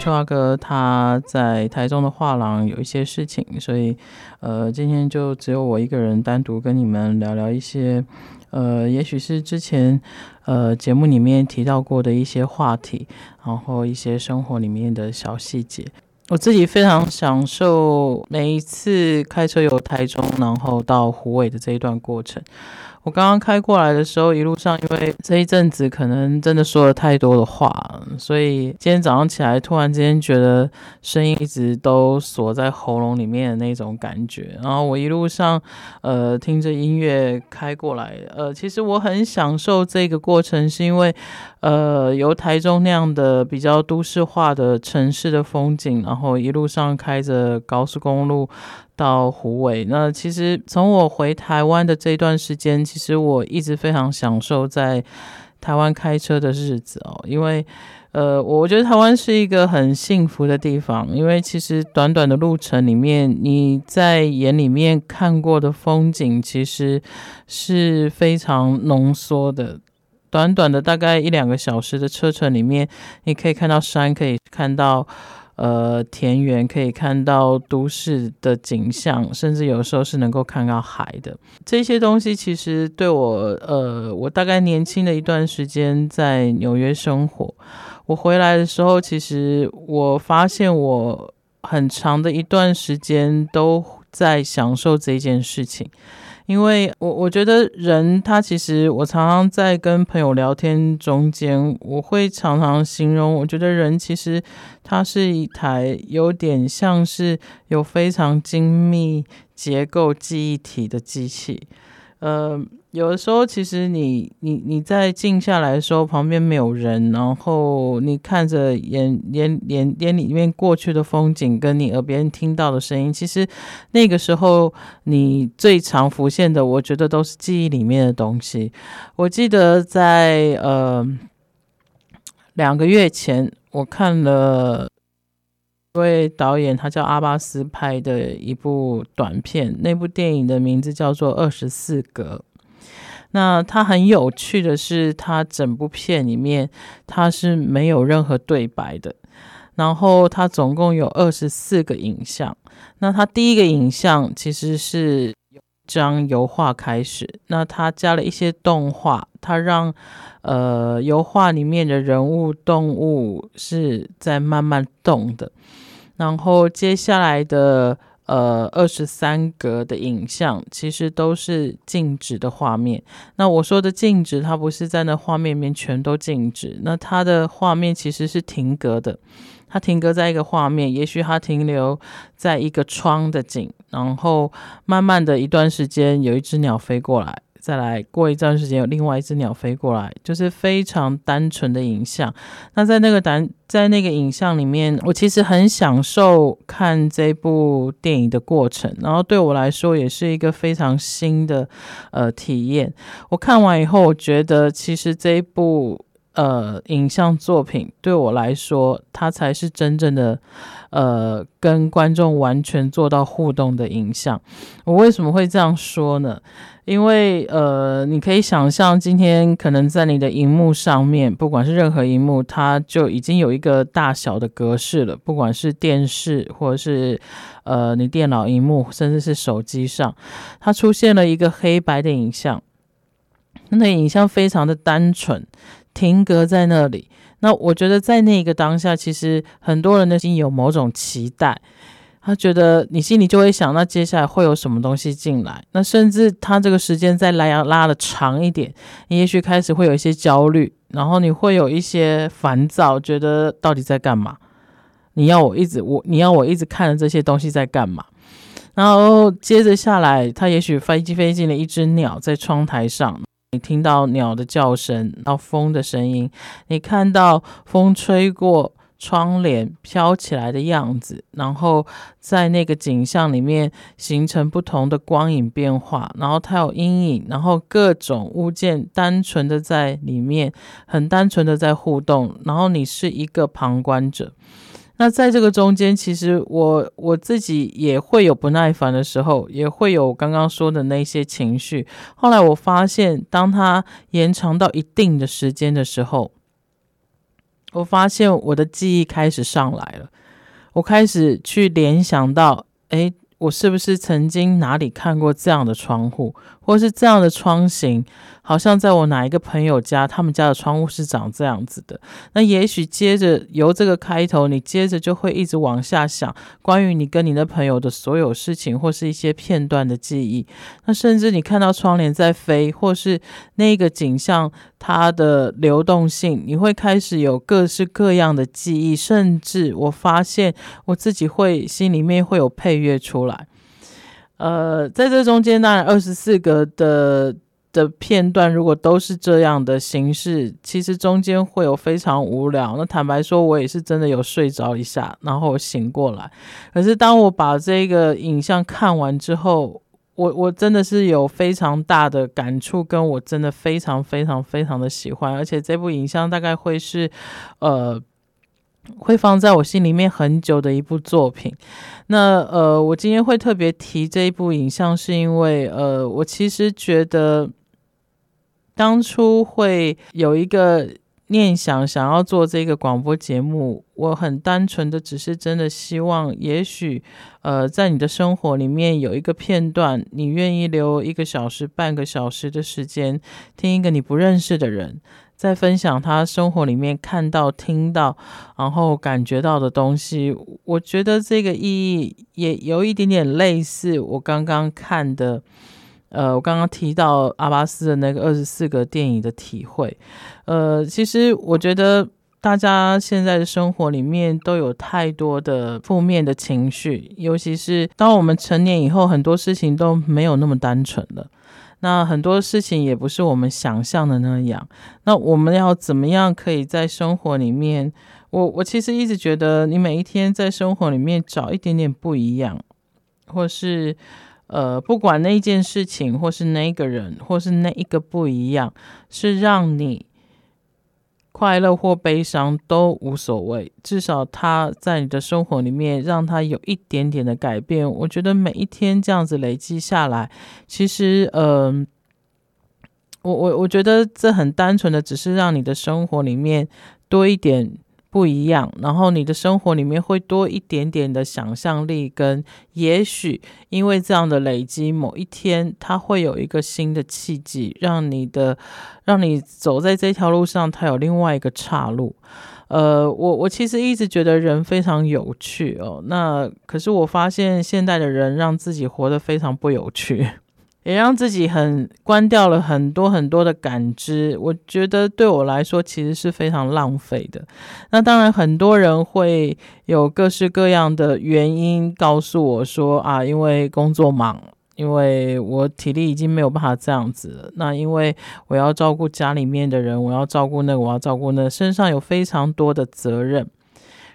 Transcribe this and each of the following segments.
秋華哥他在台中的畫廊有一些事情，所以，呃，今天就只有我一個人單獨跟你們聊聊一些，呃，也許是之前，呃，節目裡面提到過的一些話題，然後一些生活裡面的小細節。我自己非常享受每一次開車由台中然後到虎尾的這一段過程。我剛剛開過來的時候，一路上因為這一陣子可能真的說了太多的話，所以今天早上起來突然之間覺得聲音一直都鎖在喉嚨裡面的那種感覺。然後我一路上呃聽着音樂開過來，呃，其實我很享受這個過程，是因為呃由台中那樣的比較都市化的城市的風景，然後一路上開着高速公路。到虎尾，那其實從我回台灣的這段時間，其實我一直非常享受在台灣開車的日子哦，因為呃，我覺得台灣是一個很幸福的地方，因為其實短短的路程裡面，你在眼裡面看過的風景，其實是非常濃縮的。短短的大概一兩個小時的車程裡面，你可以看到山，可以看到。呃，田園可以看到都市的景象，甚至有時候是能夠看到海的。這些東西其實對我，呃，我大概年輕的一段時間在紐約生活，我回來的時候，其實我發現我很長的一段時間都在享受這件事情。因為我我覺得人他其實，我常常在跟朋友聊天中間，我會常常形容，我覺得人其實他是一台有點像是有非常精密結構記憶體的機器，呃。有的時候，其實你你你在靜下來的時候，旁邊沒有人，然後你看着眼眼眼眼裡面過去的風景，跟你耳邊聽到的聲音，其實那個時候你最常浮現的，我覺得都是記憶裡面的東西。我記得在呃兩個月前，我看了一位導演，他叫阿巴斯拍的一部短片，那部電影的名字叫做《二十四格》。那它很有趣的是，它整部片裡面它是沒有任何對白的，然後它總共有二十四個影像。那它第一個影像其實是一張油畫開始，那它加了一些動畫，它讓呃油畫裡面的人物、動物是在慢慢動的，然後接下來的。呃，二十三格的影像其實都是靜止的畫面。那我說的靜止，它不是在那畫面裡面全都靜止。那它的畫面其實是停格的，它停格在一個畫面，也許它停留在一個窗的景，然後慢慢的一段時間，有一隻鳥飛過來。再來過一段時間，有另外一隻鳥飛過來，就是非常單純的影像。那在那個單，在那個影像裡面，我其實很享受看這部電影的過程，然後對我來說也是一個非常新的，呃，體驗。我看完以後，我覺得其實這一部。呃，影像作品對我來說，它才是真正的，呃，跟觀眾完全做到互動的影像。我為什麼會這樣說呢？因為呃，你可以想象，今天可能在你的熒幕上面，不管是任何熒幕，它就已經有一個大小的格式了，不管是電視，或者是呃，你電腦熒幕，甚至是手機上，它出現了一個黑白的影像。那影像非常的單純。停格在那裡，那我覺得在那個當下，其實很多人的心有某種期待，他覺得你心裡就會想，那接下來會有什麼東西進來？那甚至他這個時間再拉要拉得長一點，你也許開始會有一些焦慮，然後你會有一些煩躁，覺得到底在幹嘛？你要我一直我，你要我一直看着這些東西在幹嘛？然後接着下來，他也許飛機飛進了一隻鳥在窗台上。你聽到鳥的叫聲，到風的聲音，你看到風吹過窗簾飄起來的樣子，然後在那個景象裡面形成不同的光影變化，然後它有陰影，然後各種物件單純的在裡面，很單純的在互動，然後你是一個旁觀者。那在這個中間，其實我我自己也會有不耐煩的時候，也會有剛剛說的那些情緒。後來我發現，當它延長到一定的時間的時候，我發現我的記憶開始上來了，我開始去聯想到，誒，我是不是曾經哪裡看過這樣的窗戶？或是這樣的窗型，好像在我哪一個朋友家，他們家的窗戶是長這樣子的。那也許接着由這個開頭，你接着就會一直往下想，關於你跟你的朋友的所有事情，或是一些片段的記憶。那甚至你看到窗簾在飛，或是那個景象它的流動性，你會開始有各式各樣的記憶。甚至我發現我自己會心裡面會有配樂出來。呃，在這中間，當然二十四格的的片段，如果都是這樣的形式，其實中間會有非常無聊。那坦白說，我也是真的有睡着一下，然後醒過來。可是當我把這個影像看完之後，我我真的是有非常大的感觸，跟我真的非常非常非常的喜歡。而且這部影像大概會是，呃。會放在我心裡面很久的一部作品。那呃，我今天會特別提這一部影像是因為呃，我其實覺得當初會有一個念想，想要做這個廣播節目。我很單純的，只是真的希望，也許呃，在你的生活裡面有一個片段，你願意留一個小時、半個小時的時間，聽一個你不認識的人。在分享他生活裡面看到、聽到，然後感覺到的東西，我覺得這個意義也有一點點類似我剛剛看的，呃，我剛剛提到阿巴斯的那個二十四個電影的體會。呃，其實我覺得大家現在的生活裡面都有太多的負面的情緒，尤其是當我們成年以後，很多事情都沒有那麼單純了。那很多事情也不是我們想象的那樣。那我們要怎麼樣可以在生活裡面？我我其實一直覺得，你每一天在生活裡面找一點點不一樣，或是呃，不管那件事情，或是那個人，或是那一個不一樣，是讓你。快樂或悲傷都無所謂，至少他在你的生活裡面，讓他有一點點的改變。我覺得每一天這樣子累積下來，其實，嗯、呃，我我我覺得這很單純的，只是讓你的生活裡面多一點。不一樣，然後你的生活裡面會多一點點的想象力，跟也許因為這樣的累積，某一天它會有一個新的契機，讓你的讓你走在這條路上，它有另外一個岔路。呃，我我其實一直覺得人非常有趣哦，那可是我發現現代的人讓自己活得非常不有趣。也讓自己很關掉了很多很多的感知，我覺得對我來說其實是非常浪費的。那當然，很多人會有各式各樣的原因告訴我說：“啊，因為工作忙，因為我體力已經沒有辦法這樣子了。那因為我要照顧家裡面的人，我要照顧那個，我要照顧那個，身上有非常多的責任。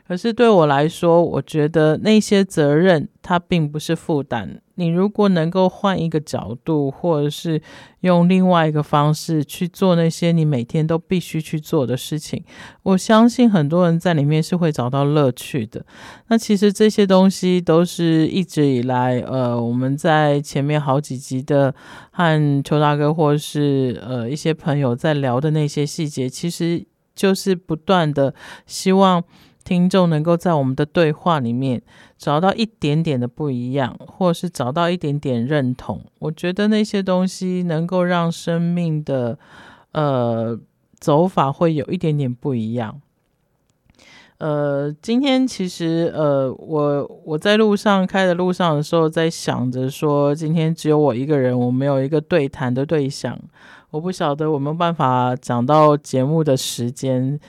可是對我來說，我覺得那些責任它並不是負擔。”你如果能夠換一個角度，或者是用另外一個方式去做那些你每天都必須去做的事情，我相信很多人在裡面是會找到樂趣的。那其實這些東西都是一直以來，呃，我們在前面好幾集的和邱大哥，或是呃一些朋友在聊的那些細節，其實就是不斷的希望。聽眾能夠在我們的對話裡面找到一點點的不一樣，或者是找到一點點認同，我覺得那些東西能夠讓生命的呃走法會有一點點不一樣。呃，今天其實呃我我在路上開的路上的時候，在想着說，今天只有我一個人，我沒有一個對談的對象，我不曉得我沒辦法講到節目的時間，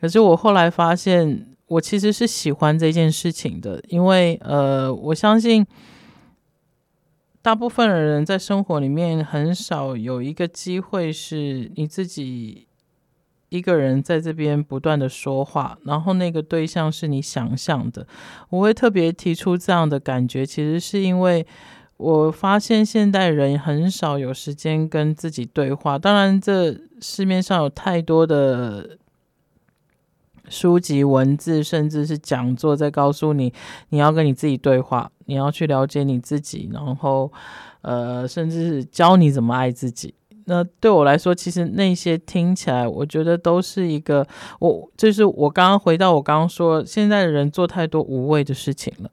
可是我後來發現。我其實是喜歡這件事情的，因為呃，我相信大部分的人在生活裡面很少有一個機會是你自己一個人在這邊不斷的說話，然後那個對象是你想象的。我會特別提出這樣的感覺，其實是因為我發現現代人很少有時間跟自己對話，當然這市面上有太多的。書籍、文字，甚至是講座，在告訴你你要跟你自己對話，你要去了解你自己，然後呃，甚至是教你怎麼愛自己。那對我來說，其實那些聽起來，我覺得都是一個我，就是我剛剛回到我剛剛說，現在的人做太多無謂的事情了。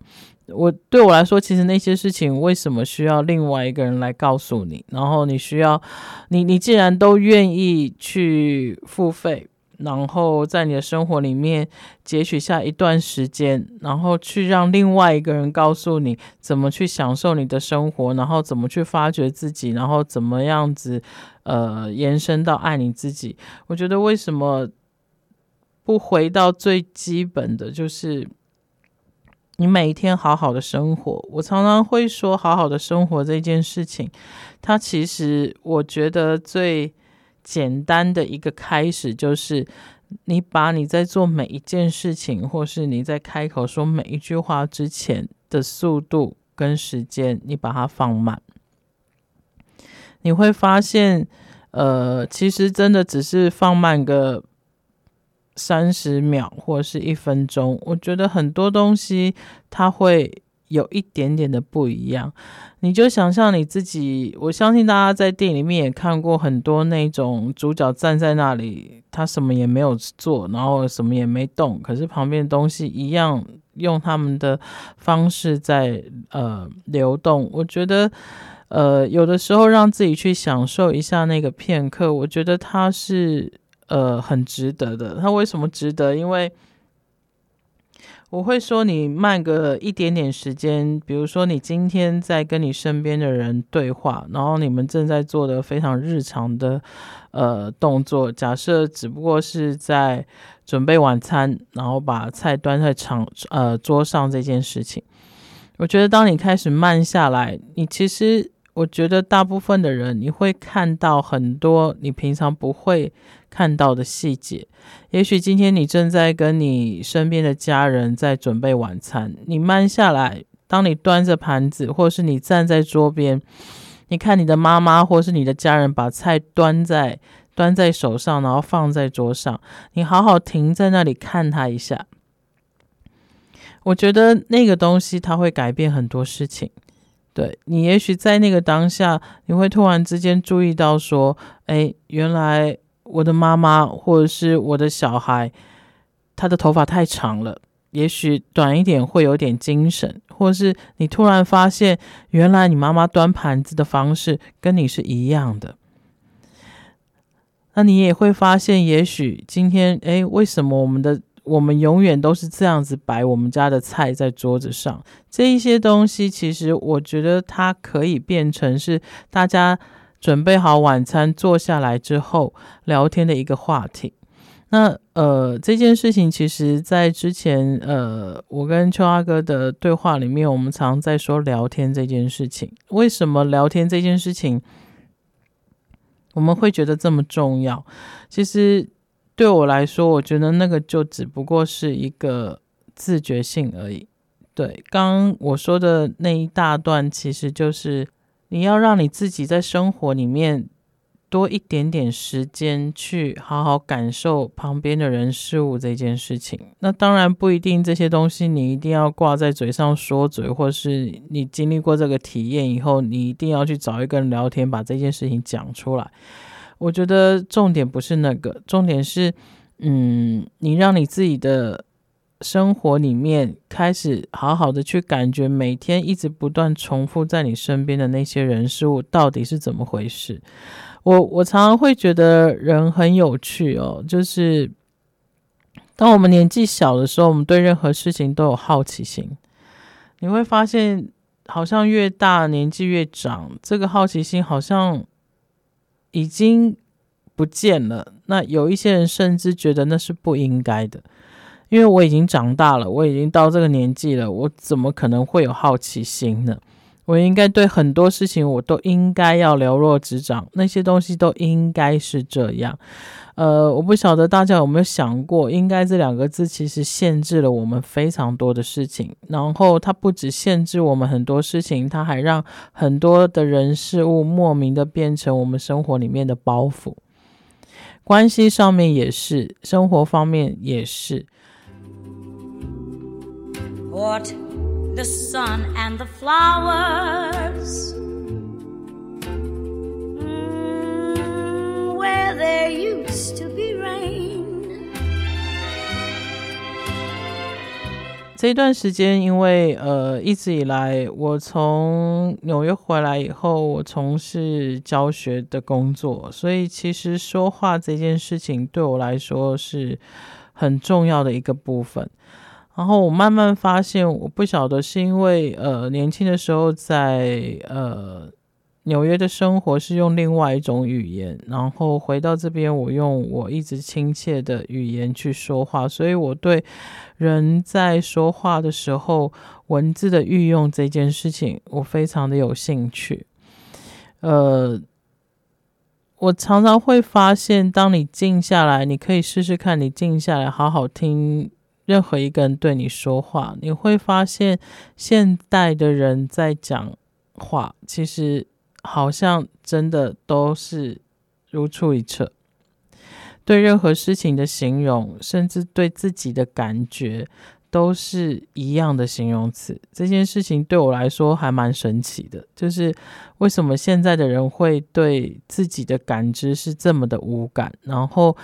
我對我來說，其實那些事情為什麼需要另外一個人來告訴你？然後你需要你，你既然都願意去付費。然後在你的生活裡面截取下一段時間，然後去讓另外一個人告訴你怎麼去享受你的生活，然後怎麼去發掘自己，然後怎麼樣子，呃，延伸到愛你自己。我覺得為什麼不回到最基本的，就是你每一天好好的生活？我常常會說，好好的生活這件事情，它其實我覺得最。簡單的一個開始就是，你把你在做每一件事情，或是你在開口說每一句話之前的速度跟時間，你把它放慢，你會發現，呃，其實真的只是放慢個三十秒或是一分鐘，我覺得很多東西它會。有一點點的不一樣，你就想象你自己，我相信大家在電影裡面也看過很多那種主角站在那裡，他什麼也沒有做，然後什麼也沒動，可是旁邊的東西一樣用他們的方式在呃流動。我覺得呃有的時候讓自己去享受一下那個片刻，我覺得它是呃很值得的。它為什麼值得？因為我會說你慢個一點點時間，比如說你今天在跟你身邊的人對話，然後你們正在做的非常日常的呃動作，假設只不過是在準備晚餐，然後把菜端在場呃桌上這件事情，我覺得當你開始慢下來，你其實。我覺得大部分的人，你會看到很多你平常不會看到的細節。也許今天你正在跟你身邊的家人在準備晚餐，你慢下來，當你端着盤子，或是你站在桌邊，你看你的媽媽，或是你的家人把菜端在端在手上，然後放在桌上，你好好停在那裡看他一下。我覺得那個東西，它會改變很多事情。對，你也許在那個當下，你會突然之間注意到說：“哎，原來我的媽媽或者是我的小孩，他的頭髮太長了，也許短一點會有點精神。”或是你突然發現，原來你媽媽端盤子的方式跟你是一樣的，那你也會發現，也許今天，哎，為什麼我們的？我們永遠都是這樣子擺我們家的菜在桌子上，這一些東西其實我覺得它可以變成是大家準備好晚餐坐下來之後聊天的一個話題。那呃這件事情，其實在之前呃我跟秋阿哥的對話裡面，我們常在說聊天這件事情。為什麼聊天這件事情我們會覺得這麼重要？其實。對我來說，我覺得那個就只不過是一個自覺性而已。對，剛剛我說的那一大段，其實就是你要讓你自己在生活裡面多一點點時間去好好感受旁邊的人事物這件事情。那當然不一定，這些東西你一定要掛在嘴上說嘴，或是你經歷過這個體驗以後，你一定要去找一個人聊天，把這件事情講出來。我覺得重點不是那個，重點是，嗯，你讓你自己的生活裡面開始好好的去感覺，每天一直不斷重複在你身邊的那些人事物到底是怎麼回事。我我常常會覺得人很有趣哦，就是當我們年紀小的時候，我們對任何事情都有好奇心。你會發現，好像越大年紀越長，這個好奇心好像，已經不見了。那有一些人甚至覺得那是不應該的，因為我已經長大了，我已經到這個年紀了，我怎麼可能會有好奇心呢？我應該對很多事情我都應該要瞭若指掌，那些東西都應該是這樣。呃，我不曉得大家有沒有想過，應該這兩個字其實限制了我們非常多的事情。然後它不止限制我們很多事情，它還讓很多的人事物莫名的變成我們生活裡面的包袱。關係上面也是，生活方面也是。What? The sun and the flowers. Where there used to be rain. 這段時間，因為呃一直以來我從紐約回來以後，我從事教學的工作，所以其實說話這件事情對我來說是很重要的一個部分。然後我慢慢發現，我不曉得是因為呃年輕的時候在呃。紐約的生活是用另外一種語言，然後回到這邊，我用我一直親切的語言去說話，所以我對人在說話的時候文字的運用這件事情，我非常的有興趣。呃，我常常會發現，當你靜下來，你可以試試看，你靜下來好好聽任何一個人對你說話，你會發現現代的人在講話，其實。好像真的都是如出一轍，對任何事情的形容，甚至對自己的感覺，都是一樣的形容詞。這件事情對我來說還蠻神奇的，就是為什麼現在的人會對自己的感知是這麼的無感，然後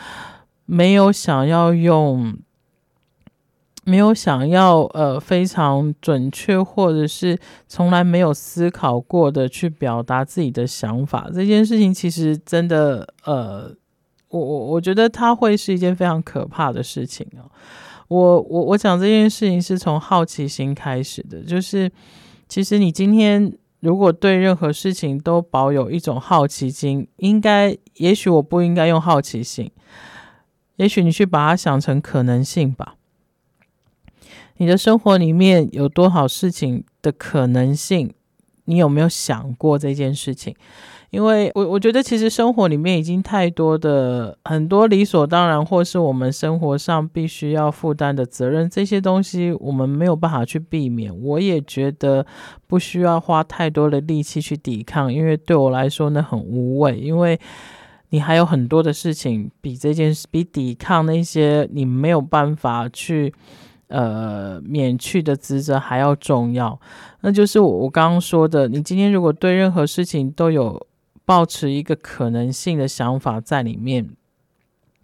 沒有想要用。沒有想要呃，非常準確，或者是從來沒有思考過的去表達自己的想法這件事情，其實真的呃，我我我覺得它會是一件非常可怕的事情哦。我我我講這件事情是從好奇心開始的，就是其實你今天如果對任何事情都保有一種好奇心，應該也許我不應該用好奇心，也許你去把它想成可能性吧。你的生活裡面有多少事情的可能性？你有沒有想過這件事情？因為我我覺得，其實生活裡面已經太多的很多理所當然，或是我們生活上必須要負擔的責任，這些東西我們沒有辦法去避免。我也覺得不需要花太多的力氣去抵抗，因為對我來說呢，很無謂。因為你還有很多的事情比這件事比抵抗那些你沒有辦法去。呃，免去的職責還要重要，那就是我我剛剛說的，你今天如果對任何事情都有抱持一個可能性的想法在裡面，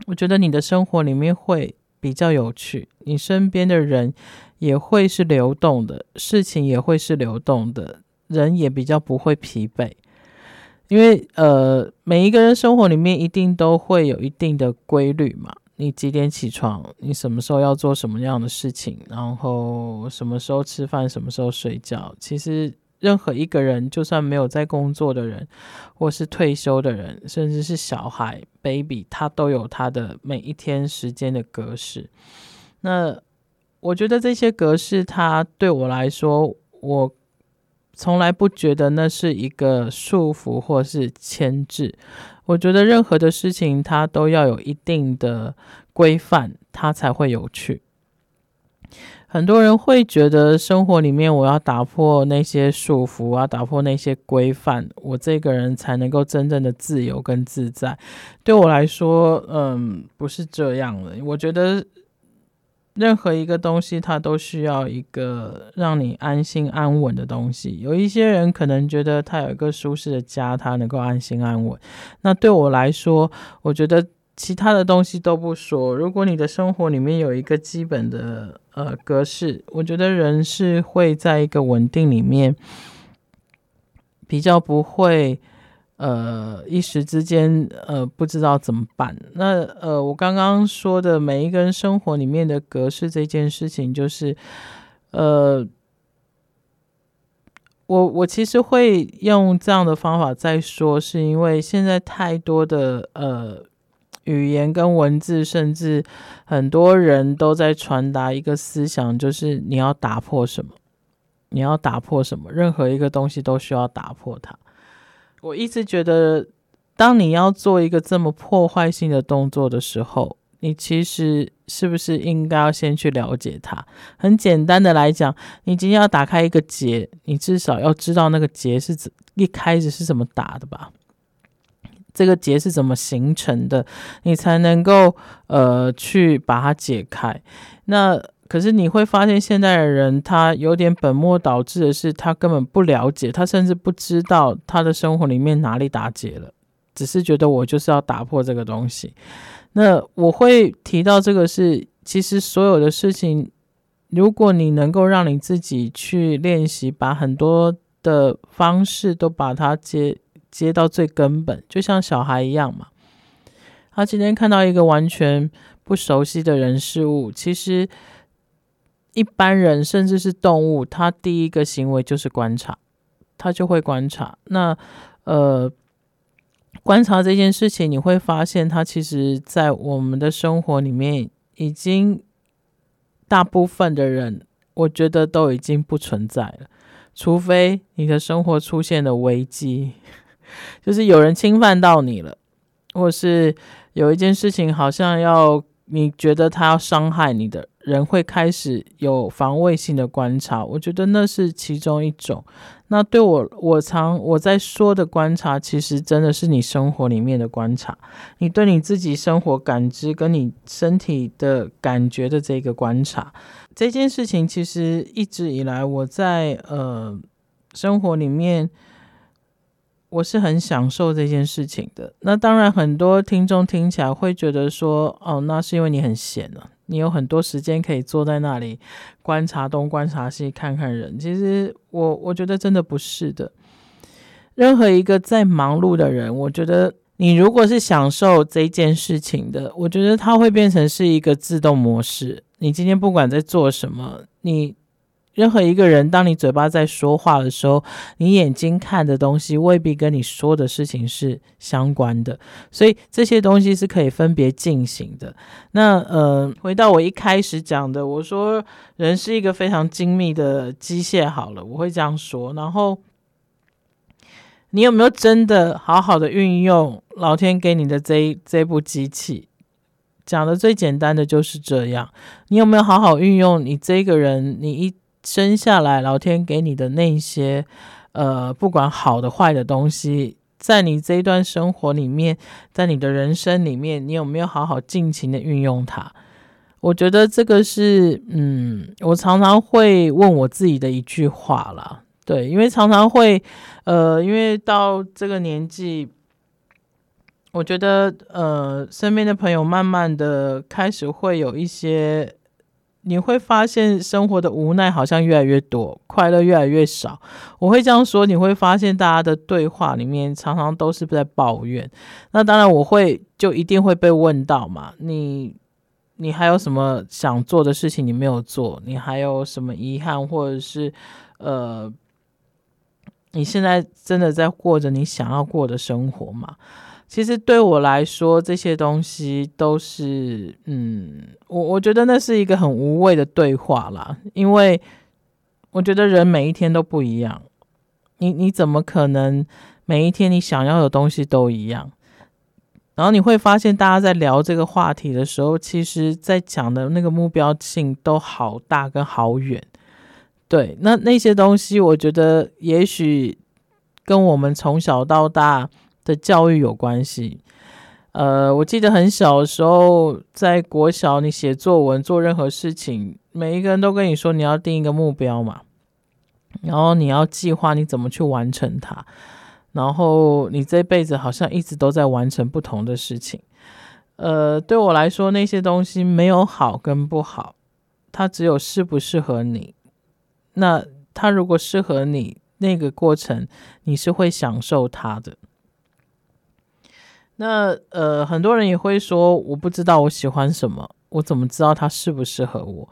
我覺得你的生活裡面會比較有趣，你身邊的人也會是流動的，事情也會是流動的，人也比較不會疲憊，因為呃，每一個人生活裡面一定都會有一定的規律嘛。你幾點起床？你什麼時候要做什麼樣的事情？然後什麼時候吃飯？什麼時候睡覺？其實，任何一個人，就算沒有在工作的人，或是退休的人，甚至是小孩 baby，他都有他的每一天時間的格式。那我覺得這些格式，它對我來說，我。從來不覺得那是一個束縛或是牽制。我覺得任何的事情，它都要有一定的規範，它才會有趣。很多人會覺得生活裡面我要打破那些束縛啊，我要打破那些規範，我這個人才能夠真正的自由跟自在。對我來說，嗯，不是這樣的。我覺得。任何一個東西，它都需要一個讓你安心安穩的東西。有一些人可能覺得他有一個舒適的家，他能夠安心安穩。那對我來說，我覺得其他的東西都不說。如果你的生活裡面有一個基本的呃格式，我覺得人是會在一個穩定裡面比較不會。呃，一時之間，呃，不知道怎麼辦。那呃，我剛剛說的每一個人生活裡面的格式這件事情，就是，呃，我我其實會用這樣的方法在說，是因為現在太多的呃語言跟文字，甚至很多人都在傳達一個思想，就是你要打破什麼，你要打破什麼，任何一個東西都需要打破它。我一直覺得，當你要做一個這麼破壞性的動作的時候，你其實是不是應該要先去了解它？很簡單的來講，你今天要打開一個結，你至少要知道那個結是怎一開始是怎麼打的吧？這個結是怎麼形成的，你才能夠呃去把它解開。那。可是你會發現，現代的人他有點本末倒置的是，他根本不了解，他甚至不知道他的生活裡面哪裡打結了，只是覺得我就是要打破這個東西。那我會提到這個是，其實所有的事情，如果你能夠讓你自己去練習，把很多的方式都把它接接到最根本，就像小孩一樣嘛。他、啊、今天看到一個完全不熟悉的人事物，其實。一般人甚至是動物，他第一個行為就是觀察，他就會觀察。那，呃，觀察這件事情，你會發現，它其實在我們的生活裡面，已經大部分的人，我覺得都已經不存在了。除非你的生活出現了危機，就是有人侵犯到你了，或是有一件事情好像要。你覺得他要傷害你的人會開始有防衛性的觀察，我覺得那是其中一種。那對我，我常我在說的觀察，其實真的是你生活裡面的觀察，你對你自己生活感知跟你身體的感覺的這個觀察，這件事情其實一直以來我在呃生活裡面。我是很享受這件事情的。那當然，很多聽眾聽起來會覺得說：“哦，那是因為你很閒啊，你有很多時間可以坐在那裡觀察東、觀察西，看看人。”其實我，我我覺得真的不是的。任何一個在忙碌的人，我覺得你如果是享受這件事情的，我覺得它會變成是一個自動模式。你今天不管在做什麼，你。任何一個人，當你嘴巴在說話的時候，你眼睛看的東西未必跟你說的事情是相關的，所以這些東西是可以分別進行的。那呃，回到我一開始講的，我說人是一個非常精密的機械，好了，我會這樣說。然後你有沒有真的好好的運用老天給你的這這部機器？講的最簡單的就是這樣，你有沒有好好運用你這個人？你一生下來，老天給你的那些，呃，不管好的壞的東西，在你這一段生活裡面，在你的人生裡面，你有沒有好好盡情的運用它？我覺得這個是，嗯，我常常會問我自己的一句話啦。對，因為常常會，呃，因為到這個年紀，我覺得，呃，身邊的朋友慢慢的開始會有一些。你會發現生活的無奈好像越來越多，快樂越來越少。我會這樣說，你會發現大家的對話裡面常常都是在抱怨。那當然，我會就一定會被問到嘛，你你還有什麼想做的事情你沒有做？你還有什麼遺憾，或者是呃，你現在真的在過着你想要過的生活嗎？其實對我來說，這些東西都是，嗯，我我覺得那是一個很無謂的對話啦，因為我覺得人每一天都不一樣，你你怎麼可能每一天你想要的東西都一樣？然後你會發現，大家在聊這個話題的時候，其實在講的那個目標性都好大跟好遠，對，那那些東西，我覺得也許跟我們從小到大，的教育有關係。呃，我記得很小的時候，在國小你寫作文、做任何事情，每一個人都跟你說你要定一個目標嘛，然後你要計劃你怎麼去完成它，然後你這輩子好像一直都在完成不同的事情。呃，對我來說，那些東西沒有好跟不好，它只有適不適合你。那它如果適合你，那個過程你是會享受它的。那，呃，很多人也會說，我不知道我喜歡什麼，我怎麼知道它適不適合我？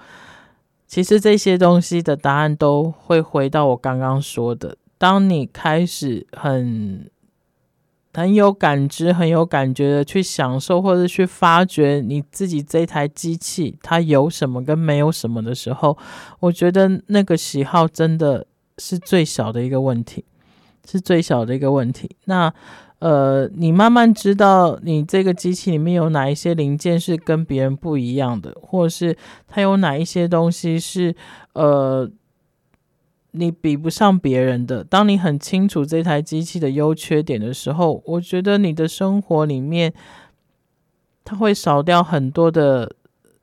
其實這些東西的答案都會回到我剛剛說的，當你開始很很有感知、很有感覺的去享受，或者去發掘你自己這台機器它有什麼跟沒有什麼的時候，我覺得那個喜好真的是最小的一個問題，是最小的一個問題。那。呃，你慢慢知道你這個機器裡面有哪一些零件是跟別人不一樣的，或是它有哪一些東西是呃你比不上別人的。當你很清楚這台機器的優缺點的時候，我覺得你的生活裡面它會少掉很多的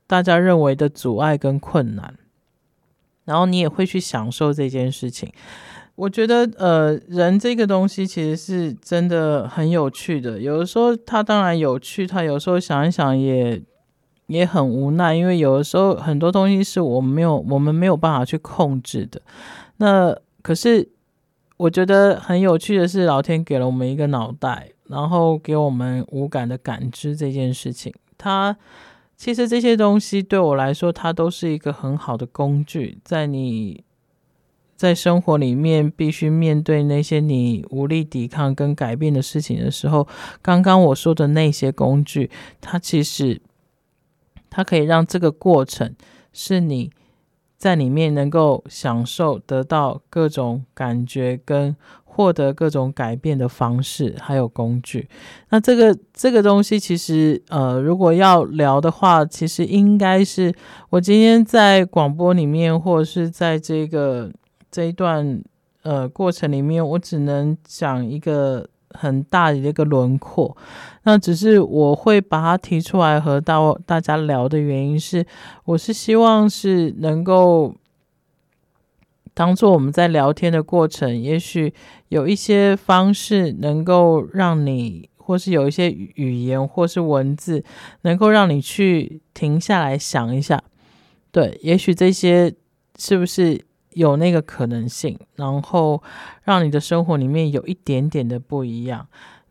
大家認為的阻礙跟困難，然後你也會去享受這件事情。我覺得呃，人這個東西其實是真的很有趣的。有的時候他當然有趣，他有時候想一想也也很無奈，因為有的時候很多東西是我們沒有我們沒有辦法去控制的。那可是我覺得很有趣的是，老天給了我們一個腦袋，然後給我們五感的感知這件事情。它其實這些東西對我來說，它都是一個很好的工具，在你。在生活裡面必須面對那些你無力抵抗跟改變的事情的時候，剛剛我說的那些工具，它其實它可以讓這個過程是你在裡面能夠享受得到各種感覺跟獲得各種改變的方式，還有工具。那這個這個東西其實呃，如果要聊的話，其實應該是我今天在廣播裡面或者是在這個。這一段呃過程裡面，我只能講一個很大的一個輪廓。那只是我會把它提出來和大大家聊的原因是，我是希望是能夠當做我們在聊天的過程，也許有一些方式能夠讓你，或是有一些語言或是文字，能夠讓你去停下來想一下。對，也許這些是不是？有那個可能性，然後讓你的生活裡面有一點點的不一樣。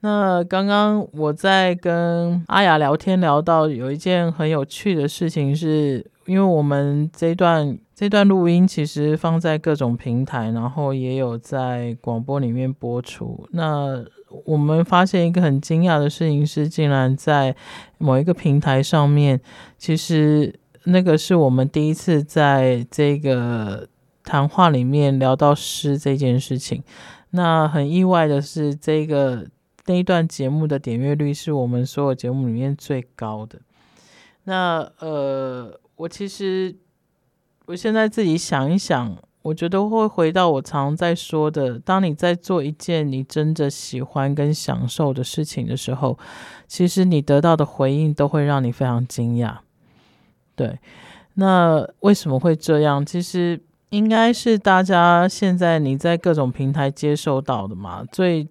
那剛剛我在跟阿雅聊天，聊到有一件很有趣的事情是，是因為我們這段這段錄音其實放在各種平台，然後也有在廣播裡面播出。那我們發現一個很驚訝的事情是，竟然在某一個平台上面，其實那個是我們第一次在這個。談話裡面聊到詩這件事情，那很意外的是，這個那一段節目的點閱率是我們所有節目裡面最高的。那呃，我其實我現在自己想一想，我覺得會回到我常在說的，當你在做一件你真的喜歡跟享受的事情的時候，其實你得到的回應都會讓你非常驚訝。對，那為什麼會這樣？其實。應該是大家現在你在各種平台接收到的嘛，最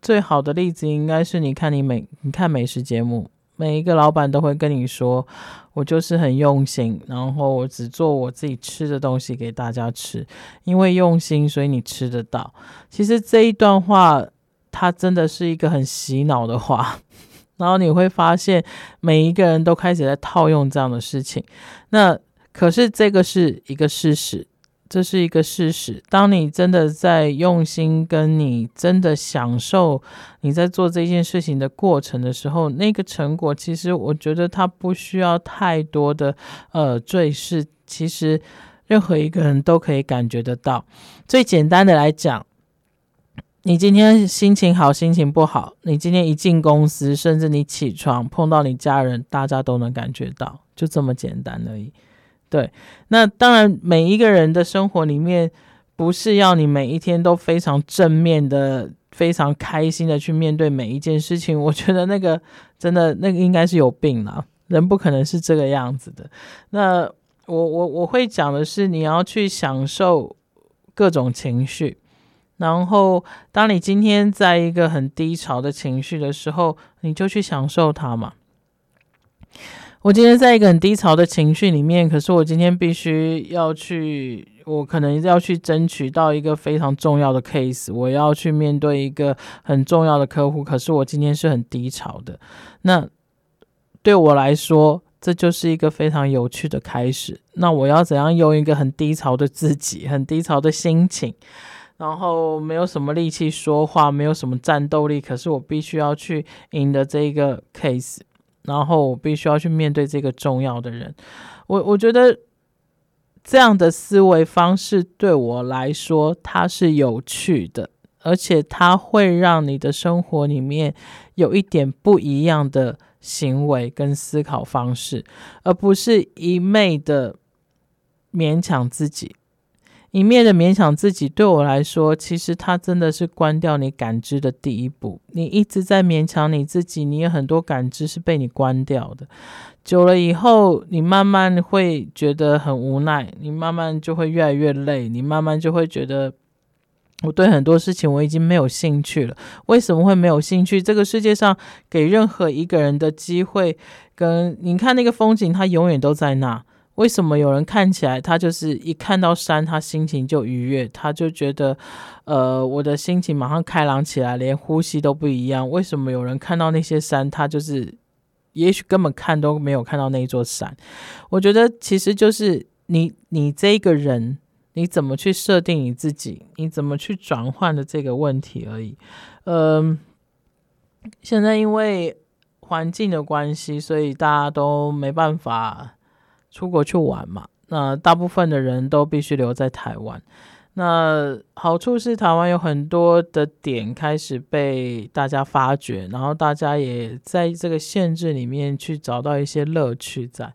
最好的例子應該是你看你美，你看美食節目，每一個老闆都會跟你說：“我就是很用心，然後我只做我自己吃的東西給大家吃，因為用心，所以你吃得到。”其實這一段話它真的是一個很洗腦的話，然後你會發現每一個人都開始在套用這樣的事情。那可是這個是一個事實。這是一個事實。當你真的在用心，跟你真的享受你在做這件事情的過程的時候，那個成果，其實我覺得它不需要太多的呃贅飾。其實任何一個人都可以感覺得到。最簡單的來講，你今天心情好，心情不好，你今天一進公司，甚至你起床碰到你家人，大家都能感覺到，就這麼簡單而已。對，那當然，每一個人的生活裡面，不是要你每一天都非常正面的，非常開心的去面對每一件事情。我覺得那個真的，那個應該是有病啦，人不可能是這個樣子的。那我我我會講的是，你要去享受各種情緒，然後當你今天在一個很低潮的情緒的時候，你就去享受它嘛。我今天在一個很低潮的情緒裡面，可是我今天必須要去，我可能要去爭取到一個非常重要的 case，我要去面對一個很重要的客戶。可是我今天是很低潮的，那對我來說，這就是一個非常有趣的開始。那我要怎樣用一個很低潮的自己、很低潮的心情，然後沒有什麼力氣說話，沒有什麼戰鬥力，可是我必須要去贏得這個 case。然後我必須要去面對這個重要的人，我我覺得這樣的思維方式對我來說它是有趣的，而且它會讓你的生活裡面有一點不一樣的行為跟思考方式，而不是一味的勉強自己。一面的勉強自己，對我來說，其實它真的是關掉你感知的第一步。你一直在勉強你自己，你有很多感知是被你關掉的。久了以後，你慢慢會覺得很無奈，你慢慢就會越來越累，你慢慢就會覺得，我對很多事情我已經沒有興趣了。為什麼會沒有興趣？這個世界上給任何一個人的機會，跟你看那個風景，它永遠都在那。為什麼有人看起來他就是一看到山，他心情就愉悅，他就覺得，呃，我的心情馬上開朗起來，連呼吸都不一樣。為什麼有人看到那些山，他就是，也許根本看都沒有看到那一座山？我覺得其實就是你你這個人，你怎麼去設定你自己，你怎麼去轉換的這個問題而已。嗯，現在因為環境的關係，所以大家都沒辦法。出國去玩嘛。那大部分的人都必須留在台灣。那好處是台灣有很多的點開始被大家發掘，然後大家也在這個限制裡面去找到一些樂趣在。在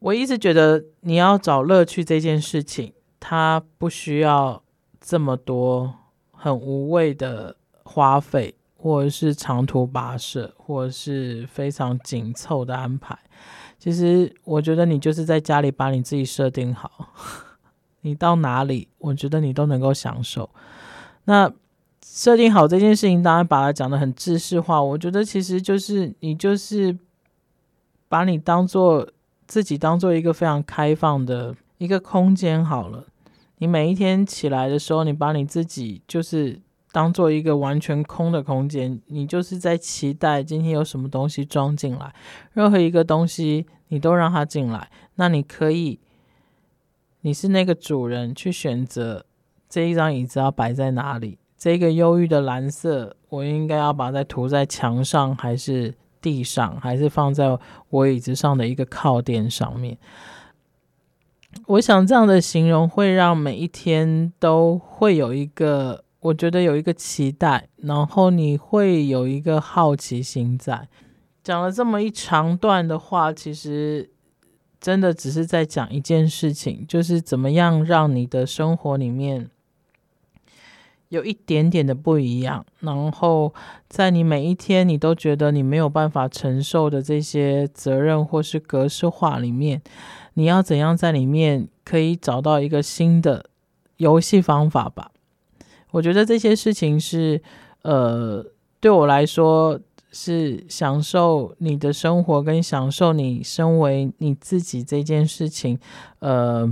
我一直覺得，你要找樂趣這件事情，它不需要這麼多很無謂的花費，或者是長途跋涉，或者是非常緊湊的安排。其實我覺得你就是在家裡把你自己設定好，你到哪裡，我覺得你都能夠享受。那設定好這件事情，當然把它講得很制式化。我覺得其實就是你就是把你當做自己當做一個非常開放的一個空間好了。你每一天起來的時候，你把你自己就是。當做一個完全空的空間，你就是在期待今天有什麼東西裝進來。任何一個東西，你都讓它進來。那你可以，你是那個主人，去選擇這一張椅子要擺在哪裡。這個憂鬱的藍色，我應該要把它塗在牆上，還是地上，還是放在我椅子上的一個靠墊上面？我想這樣的形容會讓每一天都會有一個。我覺得有一個期待，然後你會有一個好奇心在。講了這麼一長段的話，其實真的只是在講一件事情，就是怎麼樣讓你的生活裡面有一點點的不一樣。然後在你每一天，你都覺得你沒有辦法承受的這些責任或是格式化裡面，你要怎樣在裡面可以找到一個新的遊戲方法吧？我覺得這些事情是，呃，對我來說是享受你的生活跟享受你身為你自己這件事情，呃，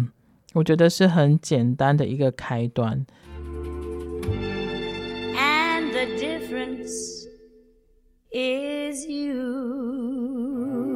我覺得是很簡單的一個開端。And the difference is you.